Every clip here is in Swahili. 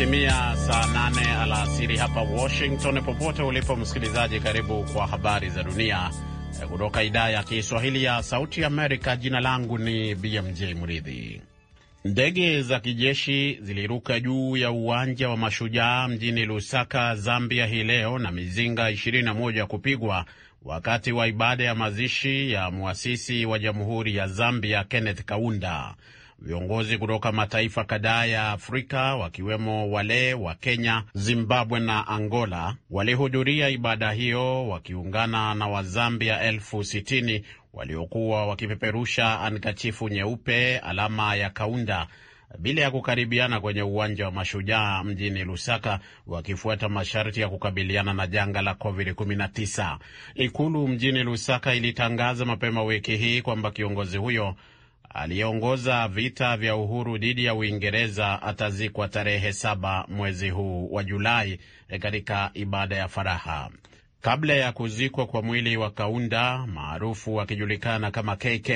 Imetimia saa nane alasiri hapa Washington. Popote ulipo msikilizaji, karibu kwa habari za dunia kutoka idhaa ya Kiswahili ya Sauti Amerika. Jina langu ni BMJ Mridhi. Ndege za kijeshi ziliruka juu ya uwanja wa Mashujaa mjini Lusaka, Zambia hii leo na mizinga 21 kupigwa wakati wa ibada ya mazishi ya mwasisi wa jamhuri ya Zambia Kenneth Kaunda. Viongozi kutoka mataifa kadhaa ya Afrika wakiwemo wale wa Kenya, Zimbabwe na Angola walihudhuria ibada hiyo wakiungana na Wazambia elfu sitini waliokuwa wakipeperusha ankachifu nyeupe, alama ya kaunda bila ya kukaribiana kwenye uwanja wa Mashujaa mjini Lusaka, wakifuata masharti ya kukabiliana na janga la COVID-19. Ikulu mjini Lusaka ilitangaza mapema wiki hii kwamba kiongozi huyo aliyeongoza vita vya uhuru dhidi ya Uingereza atazikwa tarehe saba mwezi huu wa Julai eh, katika ibada ya faraha kabla ya kuzikwa kwa mwili wa Kaunda maarufu akijulikana kama KK,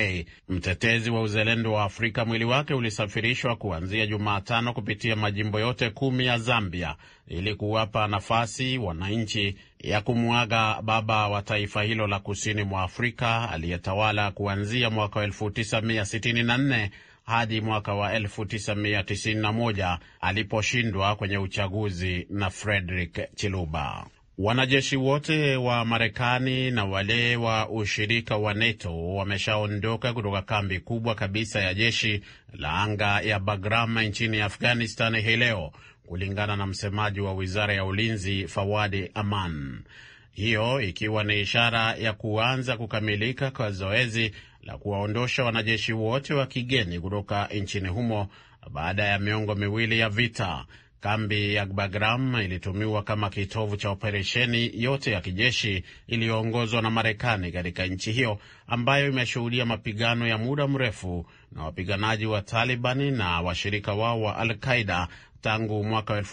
mtetezi wa uzalendo wa Afrika. Mwili wake ulisafirishwa kuanzia Jumatano kupitia majimbo yote kumi ya Zambia ili kuwapa nafasi wananchi ya kumwaga baba wa taifa hilo la kusini mwa Afrika aliyetawala kuanzia mwaka 1964 hadi mwaka wa 1991 aliposhindwa kwenye uchaguzi na Frederick Chiluba. Wanajeshi wote wa Marekani na wale wa ushirika wa NATO wameshaondoka kutoka kambi kubwa kabisa ya jeshi la anga ya Bagram nchini Afghanistan hii leo, kulingana na msemaji wa wizara ya ulinzi Fawadi Aman, hiyo ikiwa ni ishara ya kuanza kukamilika kwa zoezi la kuwaondosha wanajeshi wote wa kigeni kutoka nchini humo baada ya miongo miwili ya vita. Kambi ya Bagram ilitumiwa kama kitovu cha operesheni yote ya kijeshi iliyoongozwa na Marekani katika nchi hiyo ambayo imeshuhudia mapigano ya muda mrefu na wapiganaji wa Talibani na washirika wao wa Al Qaida tangu mwaka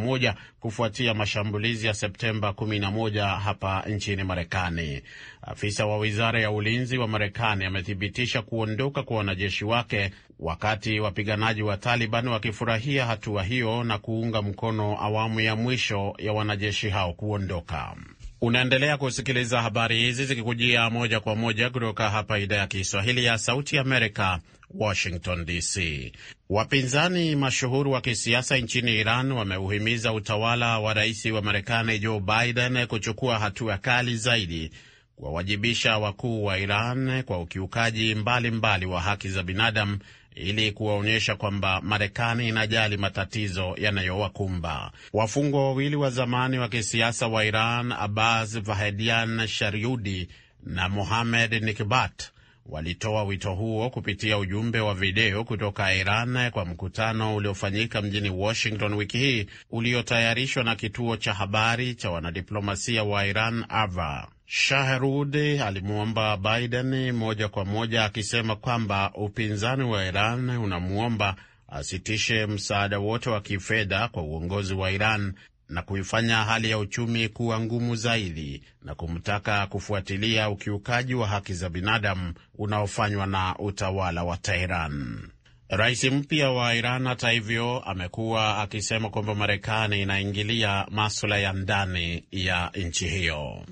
moja kufuatia mashambulizi ya Septemba moja hapa nchini Marekani. Afisa wa wizara ya ulinzi wa Marekani amethibitisha kuondoka kwa wanajeshi wake wakati wapiganaji wa Taliban wakifurahia hatua wa hiyo na kuunga mkono awamu ya mwisho ya wanajeshi hao kuondoka. Unaendelea kusikiliza habari hizi zikikujia moja kwa moja kutoka hapa idhaa ya Kiswahili ya Sauti Amerika, Washington DC. Wapinzani mashuhuri wa kisiasa nchini Iran wameuhimiza utawala wa rais wa Marekani Joe Biden kuchukua hatua kali zaidi kuwawajibisha wakuu wa Iran kwa ukiukaji mbalimbali mbali wa haki za binadamu ili kuwaonyesha kwamba Marekani inajali matatizo yanayowakumba. Wafungwa wawili wa zamani wa kisiasa wa Iran, Abbas Vahedian Shariudi na Mohamed Nikbat walitoa wito huo kupitia ujumbe wa video kutoka Iran kwa mkutano uliofanyika mjini Washington wiki hii uliotayarishwa na kituo cha habari cha wanadiplomasia wa Iran AVA. Shahrud alimwomba Biden moja kwa moja akisema kwamba upinzani wa Iran unamwomba asitishe msaada wote wa kifedha kwa uongozi wa Iran na kuifanya hali ya uchumi kuwa ngumu zaidi na kumtaka kufuatilia ukiukaji wa haki za binadamu unaofanywa na utawala wa Teheran. Rais mpya wa Iran, hata hivyo, amekuwa akisema kwamba Marekani inaingilia maswala ya ndani ya nchi hiyo.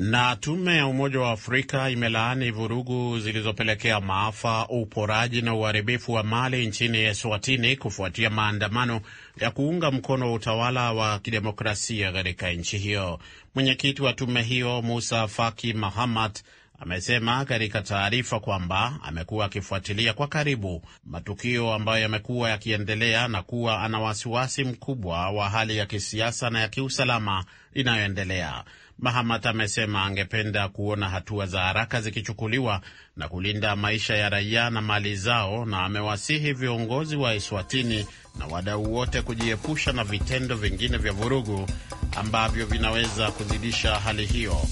Na tume ya Umoja wa Afrika imelaani vurugu zilizopelekea maafa, uporaji na uharibifu wa mali nchini Eswatini kufuatia maandamano ya kuunga mkono utawala wa kidemokrasia katika nchi hiyo. Mwenyekiti wa tume hiyo Musa Faki Mahamat amesema katika taarifa kwamba amekuwa akifuatilia kwa karibu matukio ambayo yamekuwa yakiendelea na kuwa ana wasiwasi mkubwa wa hali ya kisiasa na ya kiusalama inayoendelea. Mahamat amesema angependa kuona hatua za haraka zikichukuliwa na kulinda maisha ya raia na mali zao, na amewasihi viongozi wa Eswatini na wadau wote kujiepusha na vitendo vingine vya vurugu ambavyo vinaweza kuzidisha hali hiyo.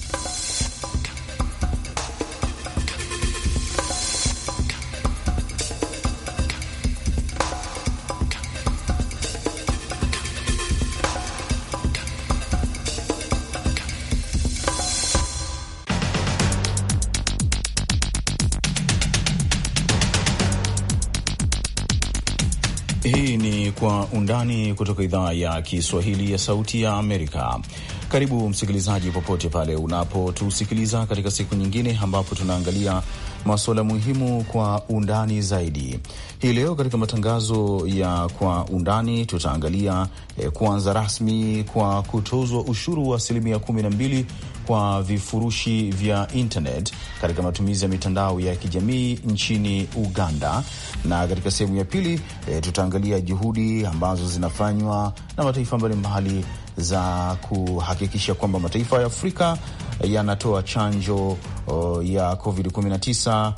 Kwa Undani kutoka idhaa ya Kiswahili ya Sauti ya Amerika. Karibu msikilizaji, popote pale unapotusikiliza katika siku nyingine ambapo tunaangalia masuala muhimu kwa undani zaidi. Hii leo katika matangazo ya Kwa Undani tutaangalia eh, kuanza rasmi kwa kutozwa ushuru wa asilimia kumi na mbili kwa vifurushi vya internet katika matumizi ya mitandao ya kijamii nchini Uganda, na katika sehemu ya pili e, tutaangalia juhudi ambazo zinafanywa na mataifa mbalimbali za kuhakikisha kwamba mataifa ya Afrika yanatoa chanjo o, ya COVID-19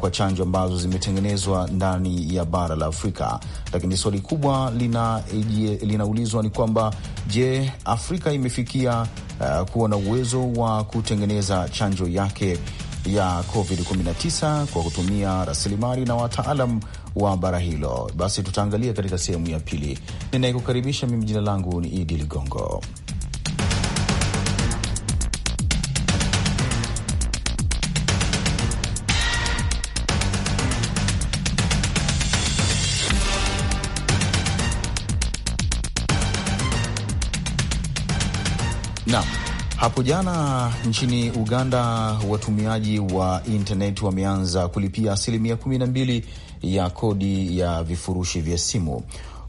kwa chanjo ambazo zimetengenezwa ndani ya bara la Afrika. Lakini swali kubwa e, linaulizwa lina ni kwamba je, Afrika imefikia uh, kuwa na uwezo wa kutengeneza chanjo yake ya COVID-19 kwa kutumia rasilimali na wataalam wa bara hilo. Basi tutaangalia katika sehemu ya pili. Ninayekukaribisha mimi, jina langu ni Idi Ligongo. Hapo jana nchini Uganda, watumiaji wa intaneti wameanza kulipia asilimia kumi na mbili ya kodi ya vifurushi vya simu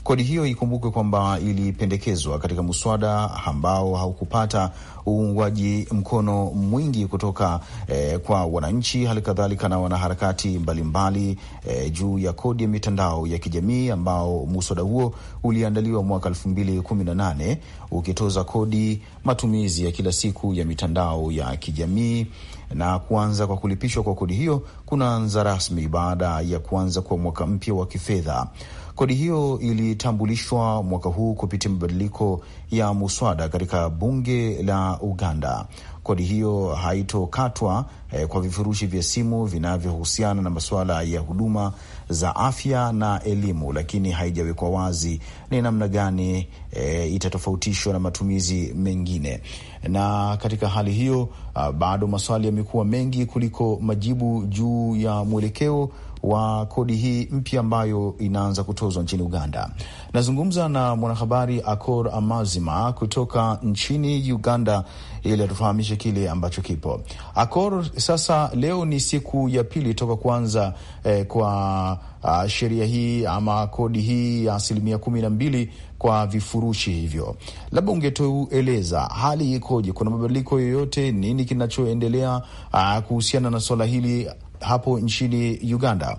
Kodi hiyo ikumbukwe kwamba ilipendekezwa katika muswada ambao haukupata uungwaji mkono mwingi kutoka eh, kwa wananchi, hali kadhalika na wanaharakati mbalimbali eh, juu ya kodi ya mitandao ya kijamii ambao muswada huo uliandaliwa mwaka elfu mbili kumi na nane ukitoza kodi matumizi ya kila siku ya mitandao ya kijamii na kuanza kwa kulipishwa kwa kodi hiyo kunaanza rasmi baada ya kuanza kwa mwaka mpya wa kifedha. Kodi hiyo ilitambulishwa mwaka huu kupitia mabadiliko ya muswada katika bunge la Uganda. Kodi hiyo haitokatwa eh, kwa vifurushi vya simu vinavyohusiana na masuala ya huduma za afya na elimu, lakini haijawekwa wazi ni namna gani eh, itatofautishwa na matumizi mengine. Na katika hali hiyo, ah, bado maswali yamekuwa mengi kuliko majibu juu ya mwelekeo wa kodi hii mpya ambayo inaanza kutozwa nchini Uganda. Nazungumza na mwanahabari Akor Amazima kutoka nchini Uganda ili atufahamishe kile ambacho kipo. Akor, sasa leo ni siku ya pili toka kuanza eh, kwa uh, sheria hii ama kodi hii ya asilimia kumi na mbili kwa vifurushi hivyo, labda ungetueleza hali ikoje? Kuna mabadiliko yoyote? Nini kinachoendelea uh, kuhusiana na swala hili hapo nchini Uganda?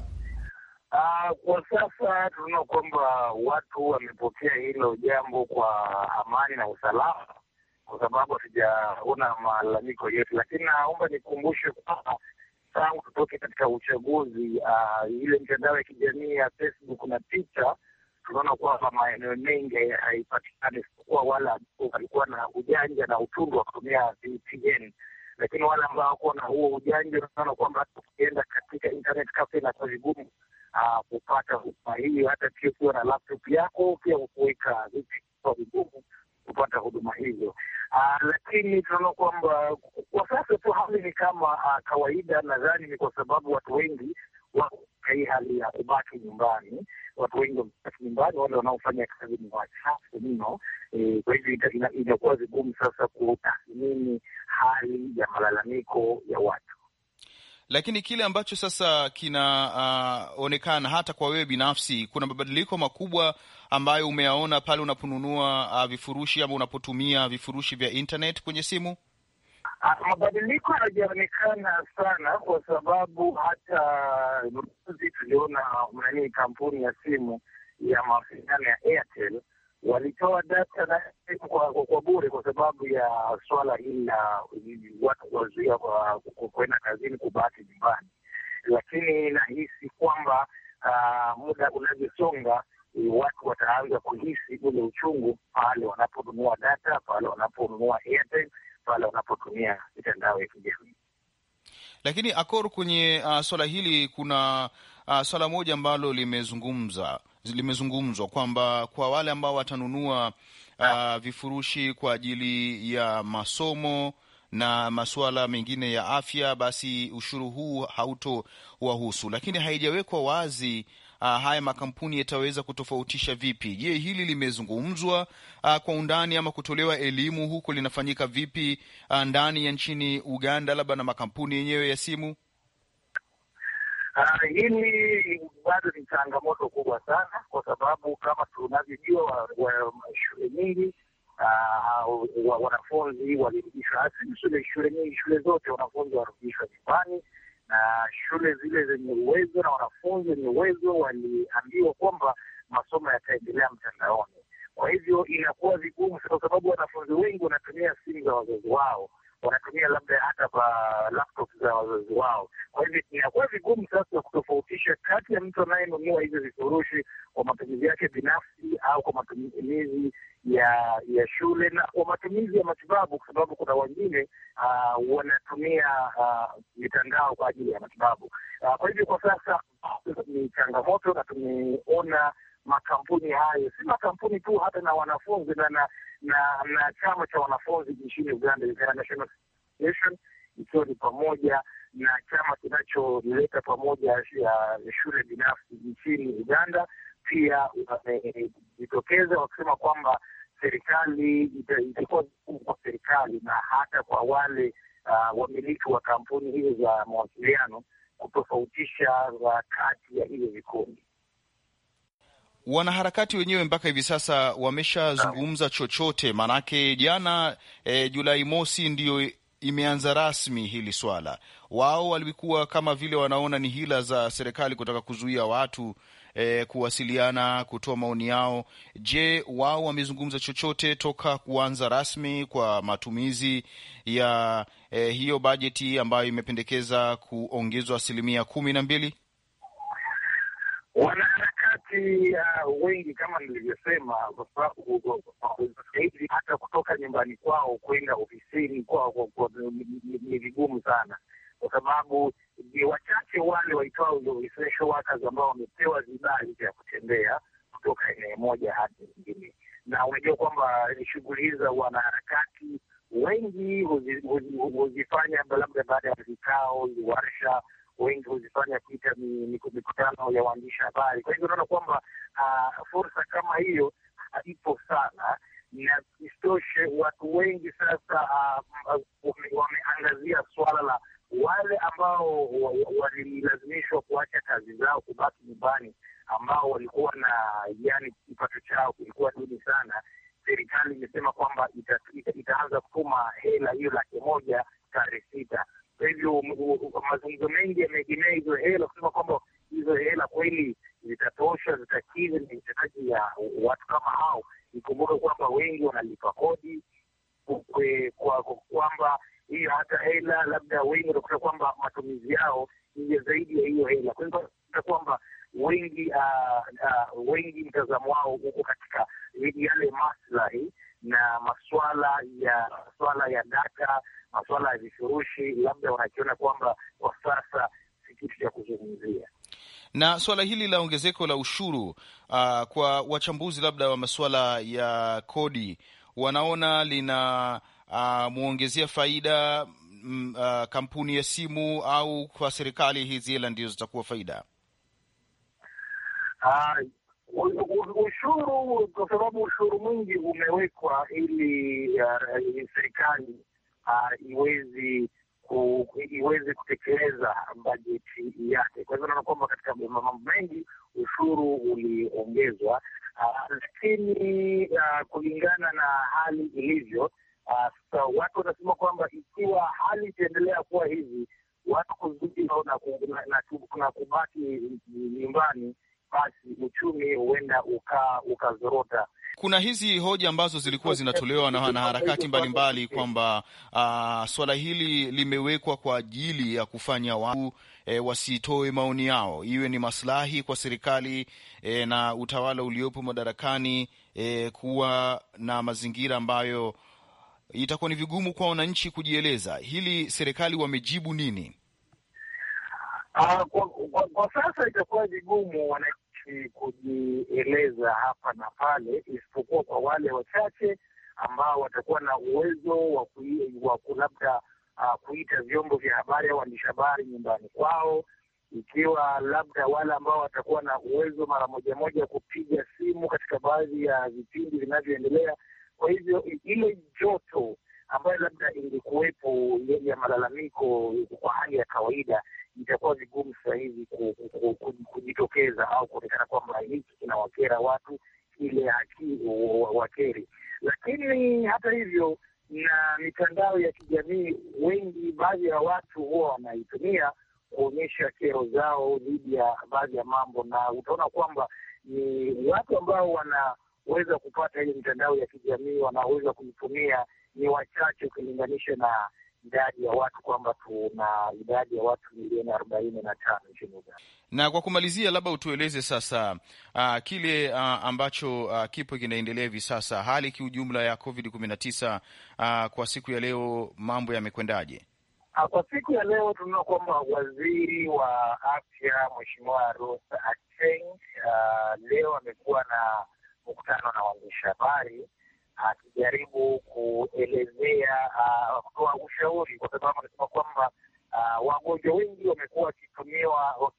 Uh, kwa sasa tunaona kwamba watu wamepokea hilo jambo kwa amani na usalama, kwa sababu hatujaona malalamiko yetu, lakini naomba nikumbushe kwamba tangu tutoke katika uchaguzi uh, ile mitandao ya kijamii ya Facebook na Twitter tunaona kwamba maeneo mengi haipatikani, isipokuwa wale walikuwa na ujanja na utundu wa kutumia VPN lakini wale ambao wako na huo ujanja unaona kwamba hata ukienda katika internet cafe inakuwa vigumu ah, kupata huduma hiyo, hata pia ukiwa na laptop yako pia kuweka kwa vigumu kupata huduma hizo. Uh, lakini tunaona kwamba kwa sasa tu hali ni kama uh, kawaida. Nadhani ni kwa sababu watu wengi wako hii hali ya kubaki nyumbani, watu wengi wamebaki nyumbani, wale wanaofanya kazi ni wachache mno. E, kwa hivyo inakuwa vigumu sasa kutathmini hali ya malalamiko ya watu lakini kile ambacho sasa kinaonekana uh, hata kwa wewe binafsi, kuna mabadiliko makubwa ambayo umeyaona pale unaponunua uh, vifurushi ama unapotumia vifurushi vya internet kwenye simu. Ah, mabadiliko hayajaonekana sana, kwa sababu hata juzi tuliona nani, kampuni ya simu ya mawasiliano ya Airtel walitoa data na simu kwa, kwa, kwa bure kwa sababu ya swala hili la watu kuwazuia kwenda kazini, kubaki nyumbani, lakini nahisi kwamba uh, muda unavyosonga watu wataanza kuhisi ule uchungu pale wanaponunua data, pale wanaponunua Airtel pale unapotumia mitandao ya kijamii. Lakini Akor, kwenye uh, swala hili kuna uh, swala moja ambalo limezungumza limezungumzwa kwamba kwa wale ambao watanunua uh, vifurushi kwa ajili ya masomo na masuala mengine ya afya, basi ushuru huu hautowahusu, lakini haijawekwa wazi uh, haya makampuni yataweza kutofautisha vipi? Je, hili limezungumzwa uh, kwa undani ama kutolewa elimu huko, linafanyika vipi uh, ndani ya nchini Uganda, labda na makampuni yenyewe ya simu? Uh, hili bado ni changamoto kubwa sana, kwa sababu kama tunavyojua shule nyingi wanafunzi walirudishwa, shule nyingi, shule zote wanafunzi warudishwa nyumbani na shule zile zenye uwezo na wanafunzi wenye uwezo waliambiwa kwamba masomo yataendelea mtandaoni. Kwa hivyo inakuwa vigumu, kwa sababu wanafunzi wengi wanatumia simu za wazazi wao wanatumia labda hata kwa laptop za wazazi wao. Kwa hivyo inakuwa vigumu sasa kutofautisha kati ya mtu anayenunua hizo vifurushi kwa matumizi yake binafsi au kwa matumizi ya ya shule na kwa matumizi ya matibabu, kwa sababu kuna wengine uh, wanatumia uh, mitandao kwa ajili ya matibabu uh, kwa hivyo kwa sasa ni changamoto na tumeona makampuni hayo, si makampuni tu, hata na wanafunzi na na, na, na chama cha wanafunzi nchini Uganda, Uganda National Association, ikiwa ni pamoja na chama kinacholeta pamoja ya shule binafsi nchini Uganda, pia wamejitokeza wakisema kwamba serikali itakuwa vigumu kwa serikali na hata kwa wale uh, wamiliki wa kampuni hizo za mawasiliano kutofautisha uh, kati ya hivyo vikundi. Wanaharakati wenyewe mpaka hivi sasa wameshazungumza chochote? Maanake jana e, Julai mosi ndiyo imeanza rasmi hili swala. Wao walikuwa kama vile wanaona ni hila za serikali kutaka kuzuia watu e, kuwasiliana, kutoa maoni yao. Je, wao wamezungumza chochote toka kuanza rasmi kwa matumizi ya e, hiyo bajeti ambayo imependekeza kuongezwa asilimia kumi na mbili? Wanaharakati uh, wengi kama nilivyosema, kwa sababu hata kutoka nyumbani kwao kwenda ofisini kwao ni vigumu sana, kwa sababu ni wachache wale waitwao essential workers ambao wamepewa vibali vya kutembea kutoka eneo moja hadi lingine, na unajua kwamba shughuli hizi za wanaharakati wengi huzifanya labda baada ya vikao, warsha wengi huzifanya kuita mikutano ya waandishi habari. Kwa hivyo unaona kwamba uh, fursa kama hiyo ah, ipo sana, na isitoshe watu wengi sasa uh, wameangazia suala la wale ambao walilazimishwa kuacha kazi zao kubaki nyumbani, ambao walikuwa na yani kipato chao kilikuwa duni sana. Serikali imesema kwamba itaanza ita, ita kutuma hela hiyo laki moja tarehe sita hivyo mazungumzo mengi yamejinai hiyo hela kusema Na suala hili la ongezeko la ushuru uh, kwa wachambuzi labda wa masuala ya kodi wanaona lina uh, muongezea faida m, mm, uh, ah, kampuni ya simu au kwa serikali, hizi hela ndizo zitakuwa faida uh, ushuru kwa sababu ushuru mwingi umewekwa ili uh, serikali uh, iwezi aweze kutekeleza bajeti yake. Kwa hivyo naona kwamba katika mambo mengi ushuru uliongezwa, ah, lakini uh, kulingana na hali ilivyo ah, sasa, watu wanasema kwamba ikiwa hali itaendelea kuwa hivi, watu kuzuia na kubaki nyumbani, basi uchumi huenda ukazorota uka kuna hizi hoja ambazo zilikuwa zinatolewa na wanaharakati mbalimbali kwamba uh, swala hili limewekwa kwa ajili ya kufanya watu E, wasitoe maoni yao, iwe ni maslahi kwa serikali e, na utawala uliopo madarakani e, kuwa na mazingira ambayo itakuwa ni vigumu kwa wananchi kujieleza. Hili serikali wamejibu nini? Aa, ah, kwa, kwa, kwa sasa itakuwa vigumu wananchi wananchi kujieleza hapa na pale, isipokuwa kwa wale wachache ambao watakuwa na uwezo wa labda uh, kuita vyombo vya habari au waandishi habari nyumbani kwao, ikiwa labda wale ambao watakuwa na uwezo mara moja moja kupiga simu katika baadhi ya vipindi vinavyoendelea. Kwa hivyo ile joto ambayo labda ingekuwepo ya malalamiko kwa hali ya kawaida, itakuwa vigumu sasa hivi kujitokeza au kuonekana kwamba hiki kinawakera watu ile haki wakeri. Lakini hata hivyo, na mitandao ya kijamii, wengi baadhi ya watu huwa wanaitumia kuonyesha kero zao dhidi ya baadhi ya mambo, na utaona kwamba ni watu ambao wanaweza kupata ile mitandao ya kijamii wanaweza kuitumia ni wachache ukilinganisha na idadi ya watu kwamba tuna idadi ya watu milioni arobaini na tano nchini Uganda. Na kwa kumalizia, labda utueleze sasa uh, kile uh, ambacho uh, kipo kinaendelea hivi sasa, hali kiujumla ya COVID kumi na tisa uh, kwa siku ya leo mambo yamekwendaje? Uh, kwa siku ya leo tunaona kwamba waziri wa afya Mheshimiwa Rose Aceng uh, leo amekuwa na mkutano na waandishi habari akijaribu kuelezea uh, kutoa ushauri, kwa sababu amesema kwamba uh, wagonjwa wengi wamekuwa wakitumiwa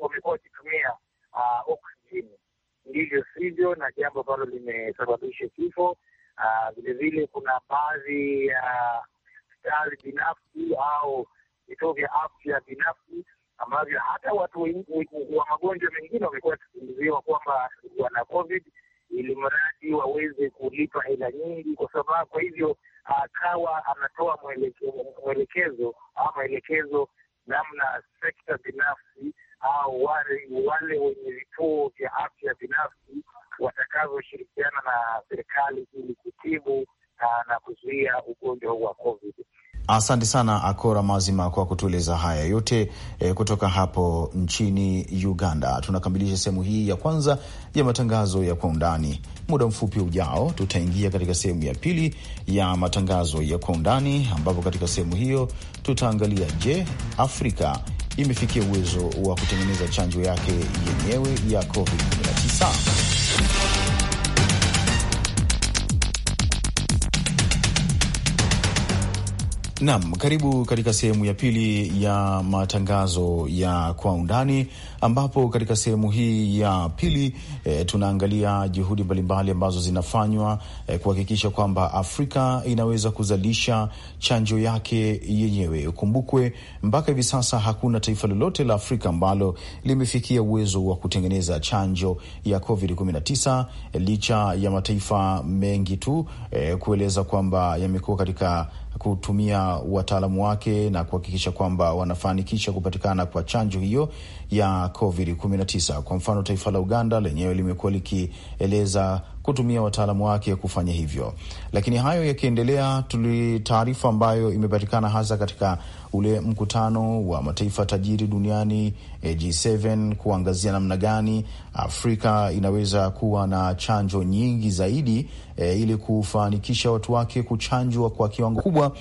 wamekuwa wakitumia uh, ah, oksijeni, ndivyo sivyo, na jambo ambalo limesababisha kifo. Vilevile uh, kuna baadhi ya uh, hospitali binafsi au vituo vya afya binafsi ambavyo hata watu wa magonjwa mengine wamekuwa wakizungumziwa kwamba wana COVID ili mradi waweze kulipa hela nyingi, kwa sababu kwa hivyo akawa anatoa mwelekezo au maelekezo namna sekta binafsi au wale wenye Asante sana Akora Mazima kwa kutueleza haya yote e, kutoka hapo nchini Uganda. Tunakamilisha sehemu hii ya kwanza ya matangazo ya kwa undani. Muda mfupi ujao, tutaingia katika sehemu ya pili ya matangazo ya kwa undani, ambapo katika sehemu hiyo tutaangalia, je, Afrika imefikia uwezo wa kutengeneza chanjo yake yenyewe ya COVID-19? Naam, karibu katika sehemu ya pili ya matangazo ya kwa undani, ambapo katika sehemu hii ya pili e, tunaangalia juhudi mbalimbali ambazo zinafanywa e, kuhakikisha kwamba Afrika inaweza kuzalisha chanjo yake yenyewe. Ukumbukwe mpaka hivi sasa hakuna taifa lolote la Afrika ambalo limefikia uwezo wa kutengeneza chanjo ya COVID-19 eh, licha ya mataifa mengi tu e, kueleza kwamba yamekuwa katika kutumia wataalamu wake na kuhakikisha kwamba wanafanikisha kupatikana kwa chanjo hiyo ya COVID-19. Kwa mfano, taifa la Uganda lenyewe limekuwa likieleza kutumia wataalamu wake kufanya hivyo. Lakini hayo yakiendelea, tuli taarifa ambayo imepatikana hasa katika ule mkutano wa mataifa tajiri duniani eh, G7, kuangazia namna gani Afrika inaweza kuwa na chanjo nyingi zaidi e, ili kufanikisha watu wake kuchanjwa kwa kiwango kubwa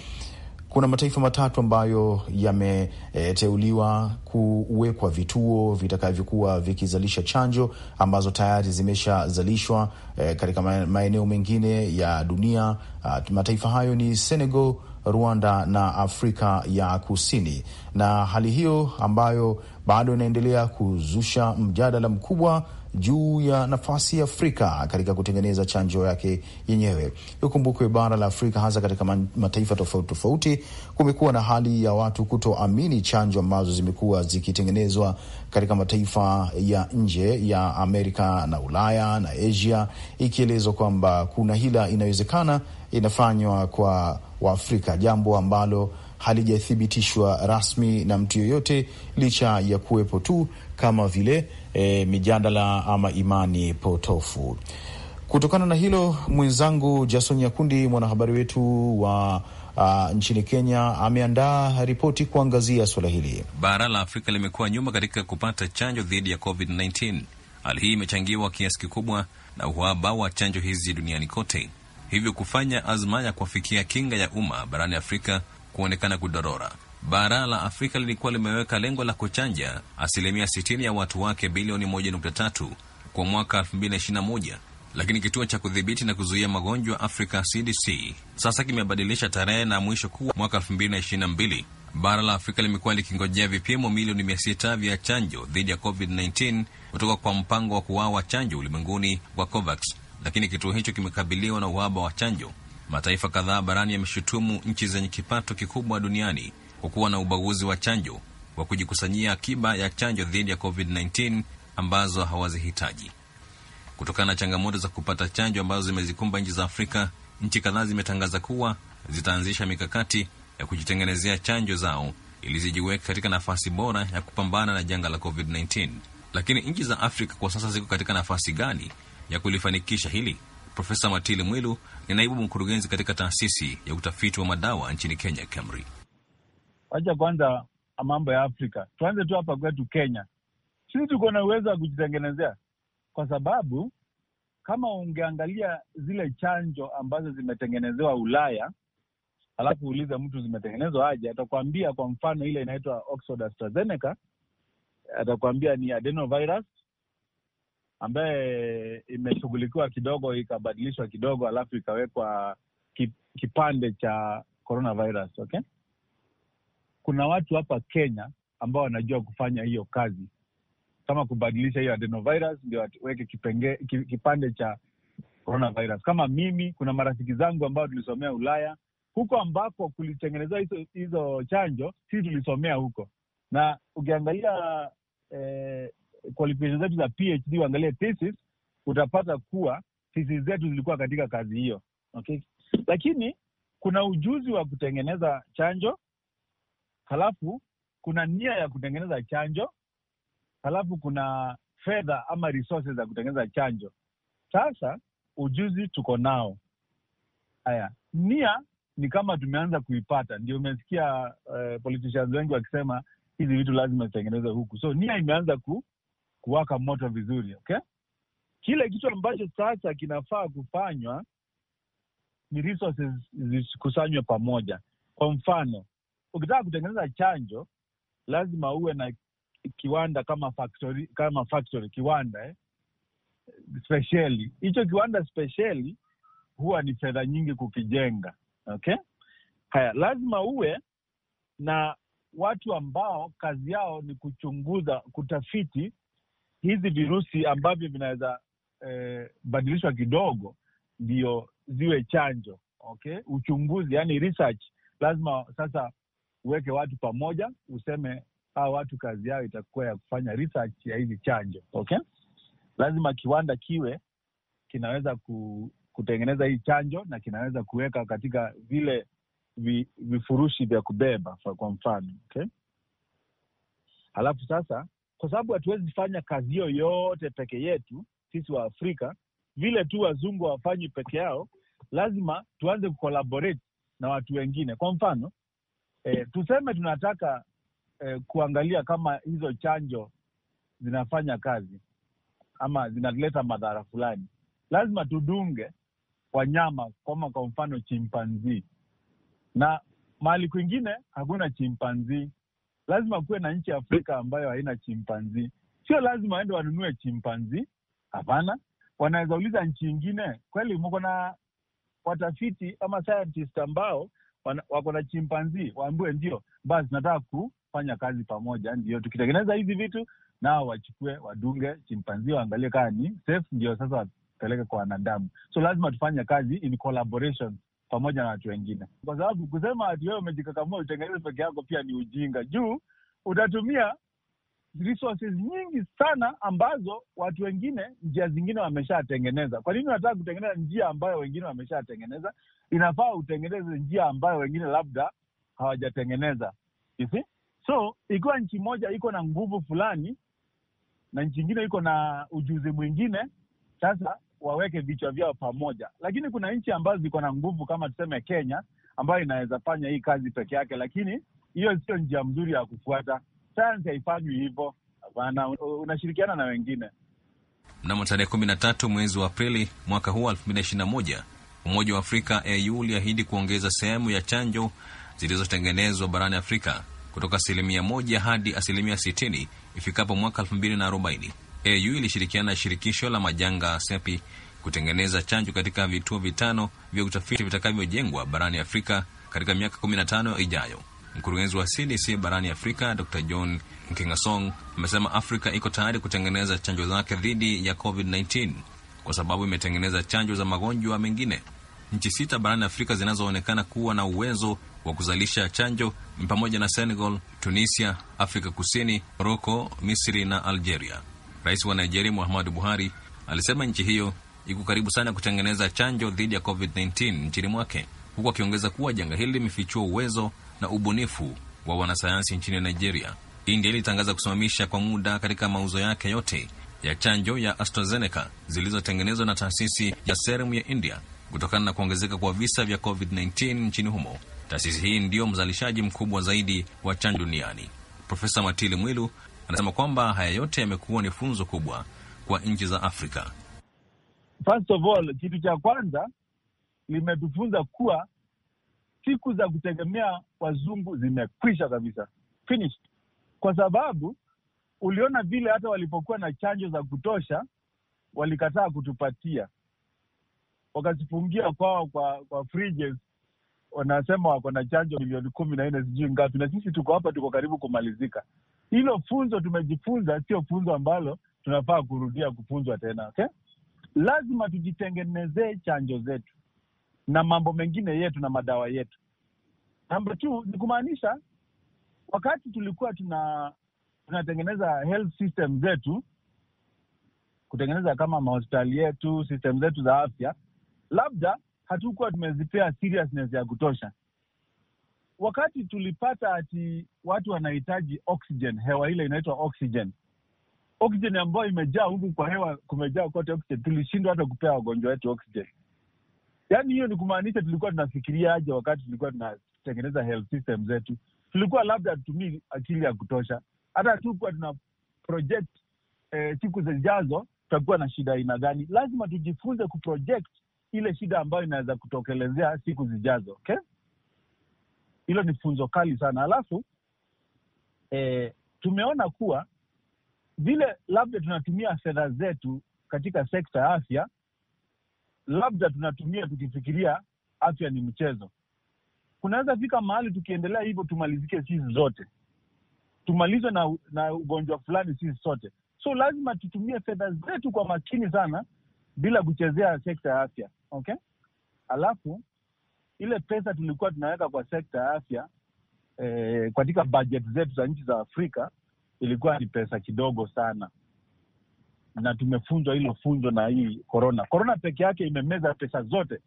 kuna mataifa matatu ambayo yameteuliwa e, kuwekwa vituo vitakavyokuwa vikizalisha chanjo ambazo tayari zimeshazalishwa e, katika maeneo mengine ya dunia. A, ah, mataifa hayo ni Senegal, Rwanda na Afrika ya Kusini, na hali hiyo ambayo bado inaendelea kuzusha mjadala mkubwa juu ya nafasi ya Afrika katika kutengeneza chanjo yake yenyewe. Ikumbukwe bara la Afrika, hasa katika mataifa tofauti tofauti, kumekuwa na hali ya watu kutoamini chanjo ambazo zimekuwa zikitengenezwa katika mataifa ya nje ya Amerika na Ulaya na Asia, ikielezwa kwamba kuna hila inawezekana inafanywa kwa Waafrika, jambo ambalo halijathibitishwa rasmi na mtu yoyote, licha ya kuwepo tu kama vile e, mijadala ama imani potofu. Kutokana na hilo, mwenzangu Jason Nyakundi, mwanahabari wetu wa Uh, nchini Kenya ameandaa ripoti kuangazia suala hili. Bara la Afrika limekuwa nyuma katika kupata chanjo dhidi ya COVID-19. Hali hii imechangiwa kiasi kikubwa na uhaba wa chanjo hizi duniani kote, hivyo kufanya azma ya kuafikia kinga ya umma barani Afrika kuonekana kudorora. Bara la Afrika lilikuwa limeweka lengo la kuchanja asilimia 60 ya watu wake bilioni 1.3 kwa mwaka 2021, lakini kituo cha kudhibiti na kuzuia magonjwa Afrika CDC sasa kimebadilisha tarehe na mwisho kuwa mwaka 2022. Bara la Afrika limekuwa likingojea vipimo milioni 6 vya chanjo dhidi ya COVID-19 kutoka kwa mpango wa kuwawa chanjo ulimwenguni wa COVAX, lakini kituo hicho kimekabiliwa na uhaba wa chanjo. Mataifa kadhaa barani yameshutumu nchi zenye kipato kikubwa duniani kwa kuwa na ubaguzi wa chanjo wa kujikusanyia akiba ya chanjo dhidi ya COVID-19 ambazo hawazihitaji. Kutokana na changamoto za kupata chanjo ambazo zimezikumba nchi za Afrika, nchi kadhaa zimetangaza kuwa zitaanzisha mikakati ya kujitengenezea chanjo zao ili zijiweke katika nafasi bora ya kupambana na janga la COVID-19. Lakini nchi za Afrika kwa sasa ziko katika nafasi gani ya kulifanikisha hili? Profesa Matili Mwilu ni naibu mkurugenzi katika taasisi ya utafiti wa madawa nchini Kenya, KEMRI. Wacha kwanza mambo ya Afrika, tuanze tu hapa kwetu Kenya. Sisi tuko na uwezo wa kujitengenezea, kwa sababu kama ungeangalia zile chanjo ambazo zimetengenezewa Ulaya alafu uulize mtu zimetengenezwa aje, atakwambia kwa mfano ile inaitwa Oxford AstraZeneca, atakwambia ni adenovirus ambaye imeshughulikiwa kidogo ikabadilishwa kidogo, alafu ikawekwa kipande cha coronavirus. Okay, kuna watu hapa Kenya ambao wanajua kufanya hiyo kazi, kama kubadilisha hiyo adenovirus ndio kipenge, kipande cha coronavirus. Kama mimi, kuna marafiki zangu ambao tulisomea Ulaya huko ambako kulitengenezwa hizo hizo chanjo, sisi tulisomea huko, na ukiangalia eh, qualification zetu za PhD uangalie thesis, utapata kuwa thesis zetu zilikuwa katika kazi hiyo, okay. Lakini kuna ujuzi wa kutengeneza chanjo, halafu kuna nia ya kutengeneza chanjo, halafu kuna fedha ama resources za kutengeneza chanjo. Sasa ujuzi tuko nao, haya nia ni kama tumeanza kuipata, ndio umesikia uh, politicians wengi wakisema hizi vitu lazima zitengenezwe huku, so nia imeanza ku, kuwaka moto vizuri, okay? Kile kitu ambacho sasa kinafaa kufanywa ni resources zikusanywe pamoja. Kwa mfano, ukitaka kutengeneza chanjo lazima uwe na kiwanda kama factory, kama factory kiwanda eh? speciali hicho kiwanda spesheli huwa ni fedha nyingi kukijenga, okay? Haya, lazima uwe na watu ambao kazi yao ni kuchunguza, kutafiti hizi virusi ambavyo vinaweza eh, badilishwa kidogo ndio ziwe chanjo. Okay, uchunguzi yani research, lazima sasa uweke watu pamoja, useme hawa watu kazi yao itakuwa ya kufanya research ya hizi chanjo. Okay, lazima kiwanda kiwe kinaweza ku, kutengeneza hii chanjo na kinaweza kuweka katika vile vi, vifurushi vya kubeba kwa mfano okay. Halafu sasa kwa sababu hatuwezi fanya kazi hiyo yote peke yetu sisi wa Afrika vile tu wazungu hawafanyi peke yao, lazima tuanze kucollaborate na watu wengine. Kwa mfano e, tuseme tunataka e, kuangalia kama hizo chanjo zinafanya kazi ama zinaleta madhara fulani, lazima tudunge wanyama kama kwa mfano chimpanzii, na mahali kwingine hakuna chimpanzii lazima kuwe na nchi ya Afrika ambayo haina chimpanzi. Sio lazima waende wanunue chimpanzi, hapana. Wanaweza uliza nchi ingine, kweli mko na watafiti ama scientist ambao wako na chimpanzi, waambiwe ndio basi, nataka kufanya kazi pamoja, ndio tukitengeneza hizi vitu, nao wachukue wadunge chimpanzi, waangalie kaa ni safe, ndio sasa wapeleke kwa wanadamu. So lazima tufanye kazi in collaboration pamoja na watu wengine, kwa sababu kusema ati wewe umejikakamua utengeneze peke yako pia ni ujinga, juu utatumia resources nyingi sana ambazo watu wengine njia zingine wameshatengeneza. Kwa nini unataka kutengeneza njia ambayo wengine wameshatengeneza? Inafaa utengeneze njia ambayo wengine labda hawajatengeneza. You see? So ikiwa nchi moja iko na nguvu fulani na nchi ingine iko na ujuzi mwingine, sasa waweke vichwa vyao pamoja, lakini kuna nchi ambazo ziko na nguvu kama tuseme Kenya ambayo inaweza fanya hii kazi peke yake, lakini hiyo sio njia mzuri ya kufuata. Sayansi haifanywi hivyo, unashirikiana na wengine. Mnamo tarehe kumi na tatu mwezi wa Aprili mwaka huu elfu mbili na ishirini na moja Umoja wa Afrika AU uliahidi kuongeza sehemu ya chanjo zilizotengenezwa barani Afrika kutoka asilimia moja hadi asilimia sitini ifikapo mwaka elfu mbili na arobaini. AU ilishirikiana na shirikisho la majanga SEPI kutengeneza chanjo katika vituo vitano vya utafiti vitakavyojengwa barani Afrika katika miaka 15 ijayo. Mkurugenzi wa CDC barani Afrika Dr John Nkengasong amesema Afrika iko tayari kutengeneza chanjo zake dhidi ya COVID-19 kwa sababu imetengeneza chanjo za magonjwa mengine. Nchi sita barani Afrika zinazoonekana kuwa na uwezo wa kuzalisha chanjo ni pamoja na Senegal, Tunisia, Afrika Kusini, Moroko, Misri na Algeria. Rais wa Nigeria Muhammadu Buhari alisema nchi hiyo iko karibu sana kutengeneza chanjo dhidi ya COVID-19 nchini mwake, huku akiongeza kuwa janga hili limefichua uwezo na ubunifu wa wanasayansi nchini Nigeria. India ilitangaza kusimamisha kwa muda katika mauzo yake yote ya chanjo ya AstraZeneca zilizotengenezwa na taasisi ya Serum ya India kutokana na kuongezeka kwa visa vya COVID-19 nchini humo. Taasisi hii ndiyo mzalishaji mkubwa zaidi wa chanjo duniani. Profesa Matili Mwilu Anasema kwamba haya yote yamekuwa ni funzo kubwa kwa nchi za Afrika. First of all, kitu cha kwanza limetufunza kuwa siku za kutegemea wazungu zimekwisha kabisa, finished, kwa sababu uliona vile hata walipokuwa na chanjo za kutosha walikataa kutupatia, wakazifungia kwao kwa kwa fridges. Wanasema wako na chanjo milioni kumi na nne sijui ngapi, na sisi tuko hapa, tuko karibu kumalizika hilo funzo tumejifunza, sio funzo ambalo tunafaa kurudia kufunzwa tena, okay? Lazima tujitengenezee chanjo zetu na mambo mengine yetu na madawa yetu. Namba tu ni kumaanisha, wakati tulikuwa tuna tunatengeneza health system zetu, kutengeneza kama mahospitali yetu, system zetu za afya, labda hatukuwa tumezipea seriousness ya kutosha wakati tulipata ati watu wanahitaji oxygen, hewa ile inaitwa oxygen, oxygen ambayo imejaa huku kwa hewa, kumejaa kote oxygen, tulishindwa hata kupea wagonjwa wetu oxygen. Yaani hiyo ni kumaanisha tulikuwa tunafikiria aje wakati tulikuwa tunatengeneza health system zetu? Tulikuwa labda hatutumii akili ya kutosha, hata tukuwa tuna project eh, siku zijazo tutakuwa na shida aina gani. Lazima tujifunze kuproject ile shida ambayo inaweza kutokelezea siku zijazo, okay? Hilo ni funzo kali sana. Alafu e, tumeona kuwa vile labda tunatumia fedha zetu katika sekta ya afya, labda tunatumia tukifikiria afya ni mchezo. Kunaweza fika mahali tukiendelea hivyo tumalizike sisi zote, tumalizwe na, na ugonjwa fulani sisi sote. So lazima tutumie fedha zetu kwa makini sana bila kuchezea sekta ya afya okay. Alafu ile pesa tulikuwa tunaweka kwa sekta ya afya eh, katika budget zetu za nchi za Afrika ilikuwa ni pesa kidogo sana, na tumefunzwa hilo funzo na hii korona. Korona peke yake imemeza pesa zote,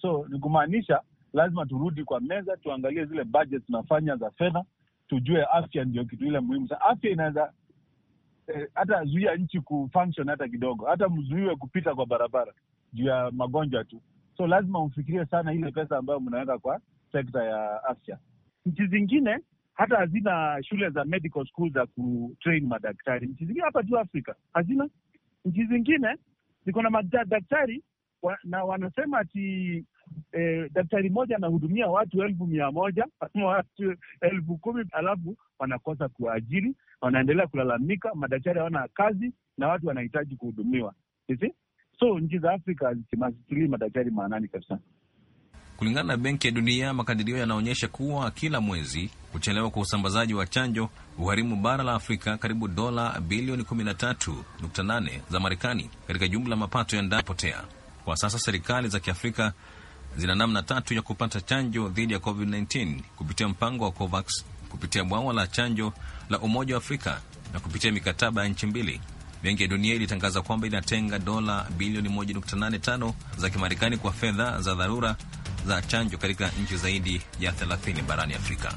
so ni kumaanisha lazima turudi kwa meza, tuangalie zile budget tunafanya za fedha, tujue afya ndio kitu ile muhimu sana. Afya inaweza eh, hata zuia nchi kufunction hata kidogo, hata mzuiwe kupita kwa barabara juu ya magonjwa tu. So lazima mfikirie sana ile pesa ambayo mnaweka kwa sekta ya afya. Nchi zingine hata hazina shule za medical school za kutrain madaktari. Nchi zingine hapa tu Afrika hazina. Nchi zingine ziko na madaktari wa, na wanasema ati eh, daktari mmoja anahudumia watu elfu mia moja watu elfu kumi alafu wanakosa kuajiri, wanaendelea kulalamika, madaktari hawana kazi na watu wanahitaji kuhudumiwa. So nchi za Afrika hazitilii madaktari maanani kabisa. Kulingana na Benki ya Dunia, makadirio yanaonyesha kuwa kila mwezi kuchelewa kwa usambazaji wa chanjo huharimu bara la Afrika karibu dola bilioni 13.8 za Marekani katika jumla mapato yanayopotea. Kwa sasa serikali za Kiafrika zina namna tatu ya kupata chanjo dhidi ya COVID-19 kupitia mpango wa COVAX, kupitia bwawa la chanjo la Umoja wa Afrika na kupitia mikataba ya nchi mbili Benki ya Dunia ilitangaza kwamba inatenga dola bilioni 1.85 za Kimarekani kwa fedha za dharura za chanjo katika nchi zaidi ya 30 barani Afrika.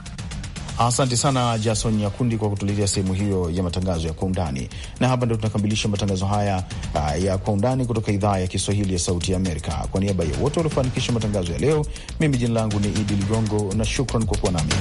Asante sana Jason Nyakundi kwa kutuletea sehemu hiyo ya matangazo ya kwa undani, na hapa ndo tunakamilisha matangazo haya uh, ya kwa undani kutoka idhaa ya Kiswahili ya Sauti ya Amerika. Kwa niaba ya wote waliofanikisha matangazo ya leo, mimi jina langu ni Idi Ligongo na shukran kwa kuwa nami.